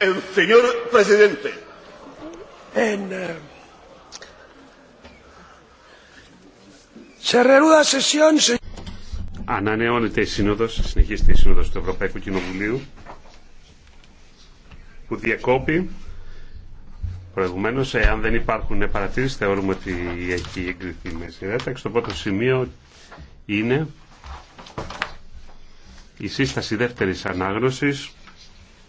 El señor presidente. En Cerreruda eh, sesión. Ανανεώνεται η σύνοδο, συνεχίζεται η σύνοδο του Ευρωπαϊκού Κοινοβουλίου που διακόπη προηγουμένω. εάν δεν υπάρχουν παρατηρήσει, θεωρούμε ότι έχει εγκριθεί η μέση Το πρώτο σημείο είναι η σύσταση δεύτερης ανάγνωσης